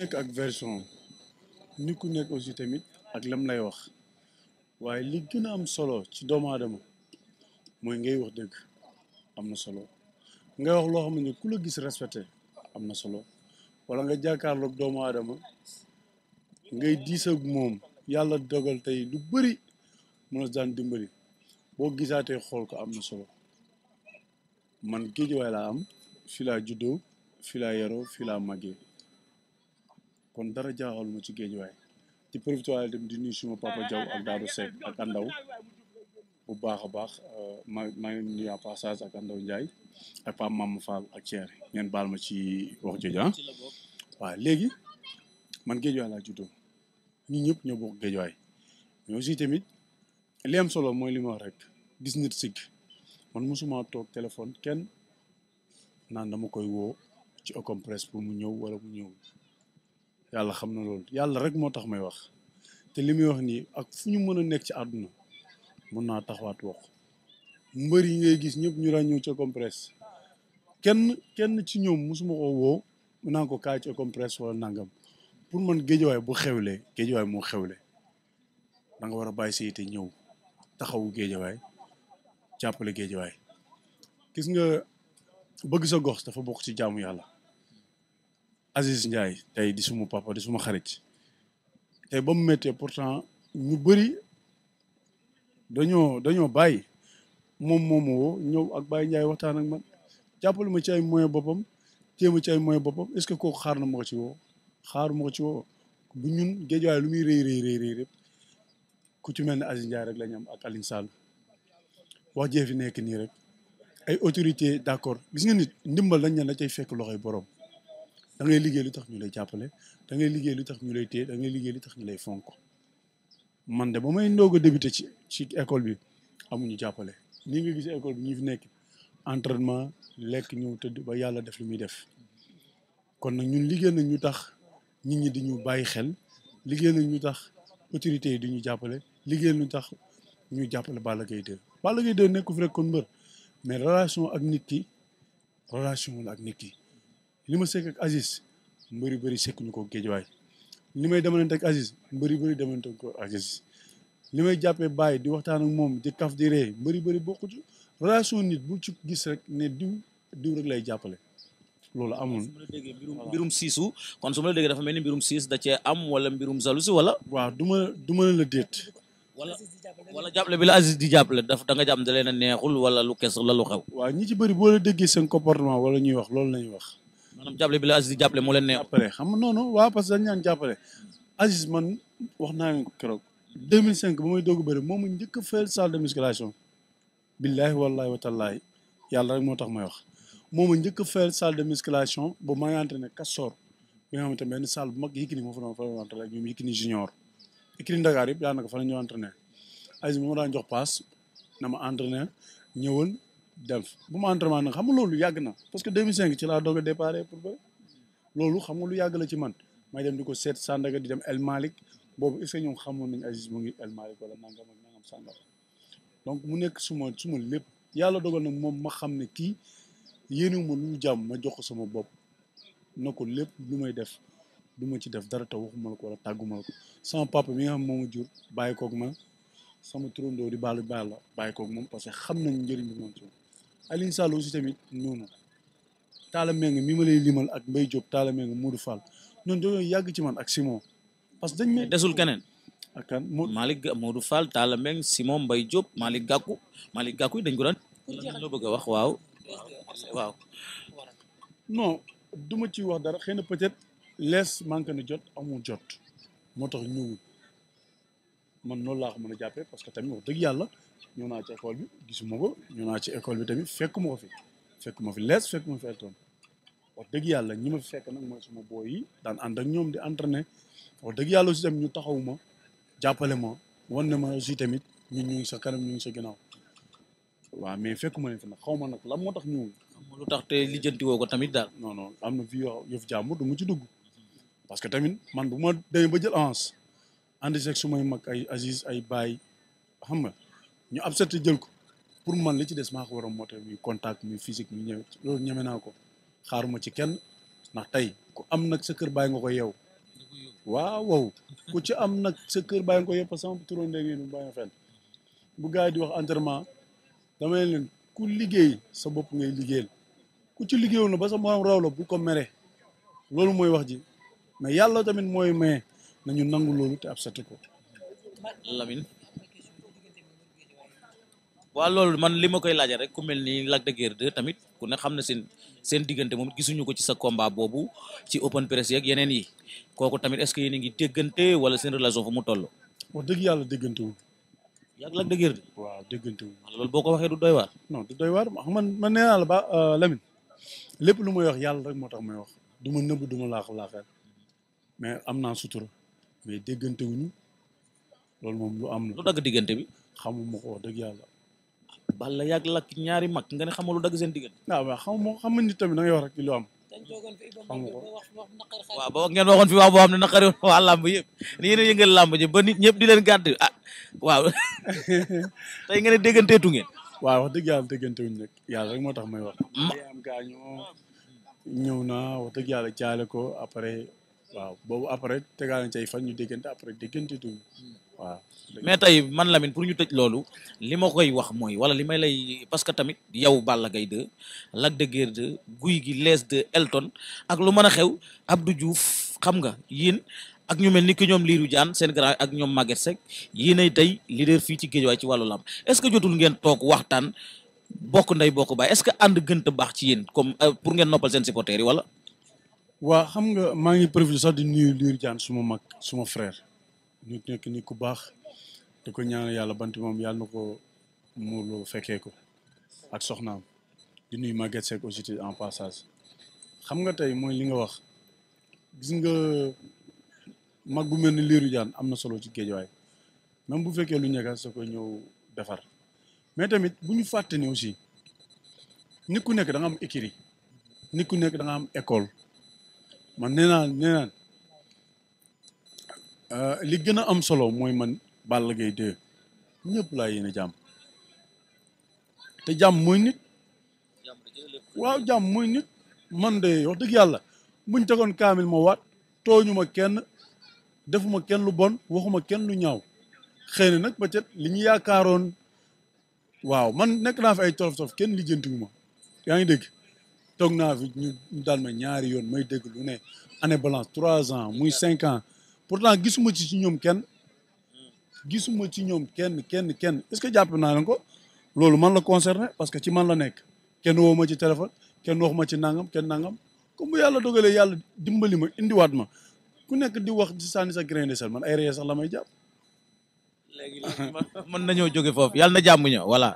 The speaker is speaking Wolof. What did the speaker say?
nekk ak version ni ku nekk aussi tamit ak lam lay wax waaye li gën a am solo ci doomu adama mooy ngay wax dëgg am na solo ngay wax loo xam ne ku la gis respecté am na solo wala nga jàkkaarloog doomu aadama ngay diis moom yàlla dogal tey lu bari mën a daan dimbali boo gisaatee xool ko am na solo man géej waay laa am fii laa juddoo fii laa yaroo fii kon dara jaaxal ma ci géejuwaay ci profitoir dem di nuyu suma papa Diaw ak Daadu Seck ak Andaw bu baax a baax euh, ma maa ngi nuyu passage ak Andaw Ndiaye ak Pape Mamadou Fall ak Thierry ngeen baal ma ci wax jooju ah waaw léegi man géejuwaay laa juddoo ñun ñëpp ñoo bokk géejuwaay mais aussi tamit li am solo mooy li ma wax rek gis nit sigg man mosuma toog téléphone kenn naan dama koy wo ci Open Presse pour mu ñëw wala mu ñëw yàlla xam na loolu yàlla rek moo tax may wax te li muy wax nii ak fu ñu mën a nekk ci àdduna mën naa taxawaat wax mbër yi ngay gis ñëpp ñu ràññoo ci compresse kenn kenn ci ñoom mosuma ko woo mu naan ko kaay ci compresse wala nangam pour man géejawaay bu xewlee géejawaay moo xewle da nga war a bàyyi sa ñëw taxawu géejawaay jàppale géejawaay gis nga bëgg sa gox dafa bokk ci jaamu yàlla Aziz Ndiaye tey di suma papa di suma xarit te ba mu méttee pourtant ñu bëri dañoo dañoo bàyyi moom moomu woo ñëw ak Baye Ndiaye waxtaan ak man jàppale ma ci ay moyen boppam téye ma ci ay moyen boppam est ce que kooku xaar na ma ko woo xaaru ma ko ci woo bu ñun géejuwaay lu muy rëy rëy rëy rëy ku ci mel ne Aziz Ndiaye rek la am ak Alioune Sall wax jee fi nekk nii rek ay autorité d' accord gis nga nit ndimbal lañ ne la cay fekk loxoy borom. dangay liggéey lu tax ñu lay jàppale da ngay liggéey lu tax ñu lay téye da ngay liggéey ñu lay fonk man de ba may ndoog a débuté ci ci école bi amuñu jàppale ni nga gis école bi ñu fi nekk entraînement lekk ñu tëdd ba yàlla def li muy def kon nag ñu liggéey nañ ñu tax nit ñi di ñu bàyyi xel liggéey nañ ñu tax autorités yi di ñu jàppale liggéey nañu tax ñu jàppale Balla Gaye 2 Balla Gaye 2 nekku fi rek kon mbër mais relation ak nit ki relation la ak nit ki li ma sekk ak Aziz mbëri bëri sekkuñu ko géejawaay li may demalante ak Aziz mbëri bëri demalante ko Aziz li may jàppee bàyyi di waxtaan moom di kaf di ree mbëri bëri bokku ci relation nit bu ci gis rek ne diw diw rek lay jàppale loolu amul. su ma la déggee mbirum mbirum siisu kon su ma la déggee dafa mel ni mbirum siis da cee am wala mbirum jalousie wala. waaw du ma du ma la déet. wala wala jàppale bi la Aziz di jàppale daf danga nga jàpp da leen a neexul wala lu kees la lu xew. waaw ñi ci bëri boo la déggee seen comportement wala ñuy wax loolu la ñuy wax. maanaam jàppale bi la Aziz di jàppale moo leen neex. jàppale xam nga noonu waaw parce que ñaan jàppale Aziz man wax naa leen ko keroog 2005 ba may doog a bëri moom mu njëkk a fayal salle de musculation billaahi wallaahi wa taalaahi yàlla rek moo tax may wax moom mu njëkk a fayal salle de musculation ba maa ngi entraîné Kassor bi nga xamante ne benn salle bu mag Yékini moo fa doon fa doon entraîné ak ñoom Yékini junior fa la ñu entraîné Aziz moom daan jox paas na ma entraîné ñëwal dem bu ma entraînement nag xam nga loolu yàgg na parce que 2005 ci laa doog a départ pour ba loolu xam nga lu yàgg la ci man may dem di ko seet Sandaga di dem El Malick boobu est-ce que ñoom xamoon nañu Aziz mu ngi El Malick wala nangam ak nangam Sandaga donc mu nekk suma suma lépp yàlla dogal na moom ma xam ne kii yéenewuma lu jàmm ma jox ko sama bopp na lépp lu may def du ma ci def dara te waxuma la tàgguma ko sama papa mi nga xam moom a jur bàyyi koog ma sama turandoo di baal baal la bàyyi koog moom parce que xam nañ njëriñ bi moom ci Alioune Sall aussi tamit noonu Talla Meng mi ma lay limal ak mbay Diop Talla Meng Modou Fall ñoom dañoo yàgg ci man ak Simon. parce que dañ desul keneen. ak kan Malick Modou Fall Talla Meng Simon Mbaye Diop Malick Gakou Malick Gakou dañ ko daan. lan bëgg a wax waaw. waaw non duma ci wax dara xëy na peut-être lees manque na jot amul jot moo tax ñëwul. man noonu laa ko mën a jàppee parce que tamit wax dëgg yàlla ñëw naa ci école bi gisuma ko ñëw naa ci école bi tamit fekkuma ko fi fekkuma fi lees fekkuma fi elton o dëgg yàlla ñi ma fi fekk nag mooy suma booy yi daan ànd ak ñoom de entraîner wax dëgg yàlla aussi tamit ñu taxawuma jàppale ma wan ne ma aussi tamit ñun ñu sa kanam ñu ngi sa ginnaaw waaw mais fekkuma ne fi nag xaw ma nag lan moo tax ñu. lu tax te lijjanti woo ko tamit daal. am na fi yoo yëf jàmbur du mu ci dugg parce que ànd seeg su may mag ay Aziz ay Baye xam nga ñu absenté jël ko pour man li ci des maa ko war a moote muy contact muy physique muy ñëw loolu ñeme naa ko xaaruma ci kenn ndax tey ku am nag sa kër bàyyi nga ko yow waaw waaw ku ci am nag sa kër bàyyi nga ko yow parce que sama turóon léegi nu bàyyi nga fenn bu gars yi di wax entraînement damay leen ku liggéey sa bopp ngay liggéeyal ku ci liggéeyul na ba sa morom raw la bu ko mere loolu mooy wax ji mais yàlla tamit mooy maye nañu nangu loolu te accepté ko. Lamine. waaw loolu man li ma koy laajal rek ku mel ni Lac de tamit ku ne xam na seen seen diggante moom gisuñu ko ci sa combat boobu ci open press yeeg yi kooku tamit est-ce que yéen a ngi déggante wala seen relation fu mu toll. wax dëgg yàlla déggante wu. yàgg Lac de Guiers 2. waaw déggante wu. loolu boo ko waxee du doy waar. non du doy waar man man nee naa la ba euh, Lamine lépp lu may wax yàlla rek moo tax may wax du ma nëbb du laax laaxal mais am naa sutura. mais déggante wuñu loolu moom lu am. lu dagg diggante bi. xamuma ko wax dëgg yàlla. Balla yàgg lakk ñaari mag nga ne xamal lu dagg seen diggante. waaw waaw xamuma xam nga nit tamit da ngay wax rek lu am. xam nga ko waaw ba ngeen waxoon fi wax boo xam ne naqari waa làmb yëpp ni yéen a yëngal làmb ji ba nit ñëpp di leen gàtt ah waaw tey nga ne tunge wa waaw wax dëgg yàlla déggante wuñ rek yàlla rek moo tax may wax. am gaañoo ñëw naa wax dëgg yàlla jaale ko après. waaw boobu après tegaale na cay fan ñu déggante après déggante du waaw. mais tey man lamin pour ñu tëj loolu li ma koy wax mooy wala li may lay parce que tamit yow Balla Gaye 2 Lac de guy 2 Gouye Gui Less 2 Elton ak lu mën a xew Abdou juuf xam nga yéen. ak ñu mel ni que ñoom Lirou Diane seen grand ak ñoom Maguette Seck yéenay tey leader fii ci géejawaay ci wàllu làmb est-ce que jotul ngeen toog waxtaan bokk ndey bokk baay est-ce que ànd gënt baax ci yéen comme euh, pour ngeen noppal seen supporters yi wala. waa xam nga maa ngi profité sax di nuyu Liir Diane suma mag suma frère ñu nekk ni ku baax te ko ñaanal yàlla bant moom yàlla na ko muurloo fekkee ko ak soxnaam di nuyu Maguette Seck aussi en passage xam nga tey mooy li nga wax gis nga mag bu mel ni Liir Diane am na solo ci géejawaay même bu fekkee lu ñekka sa ko ñëw defar mais tamit bu ñu fàtte ni aussi nit ku nekk da nga am écurie nit ku nekk da nga am école man nee naa nee euh, li gën a am solo mooy man Balla Gaye 2 ñëpp laa yéene jàmm te jàmm mooy nit waaw jàmm mooy nit man de wax dëgg yàlla buñ tegoon kaamil ma waat tooñu kenn defuma kenn lu bon waxuma kenn lu ñaaw xëy na nag ba cet li ñu yaakaaroon waaw man nekk naa fi ay tolof kenn lijjantiwu ma yaa ngi dégg toog naa fi ñu daan ma ñaari yoon may dégg lu ne année balance trois ans muy cinq ans pourtant gisuma ci ci ñoom kenn gisuma ci ñoom kenn kenn kenn est-ce jàpp naa leen ko loolu man la concerné parce que ci man la nekk kenn woo ma ci téléphone kenn wax ma ci nangam kenn nangam comme bu yàlla dogalee yàlla dimbali ma indiwaat ma ku nekk di wax ci sànni sa grain de sel man ay ree sax la may jàpp. léegi mën nañoo jóge foofu yàlla na jàmm ñëw voilà.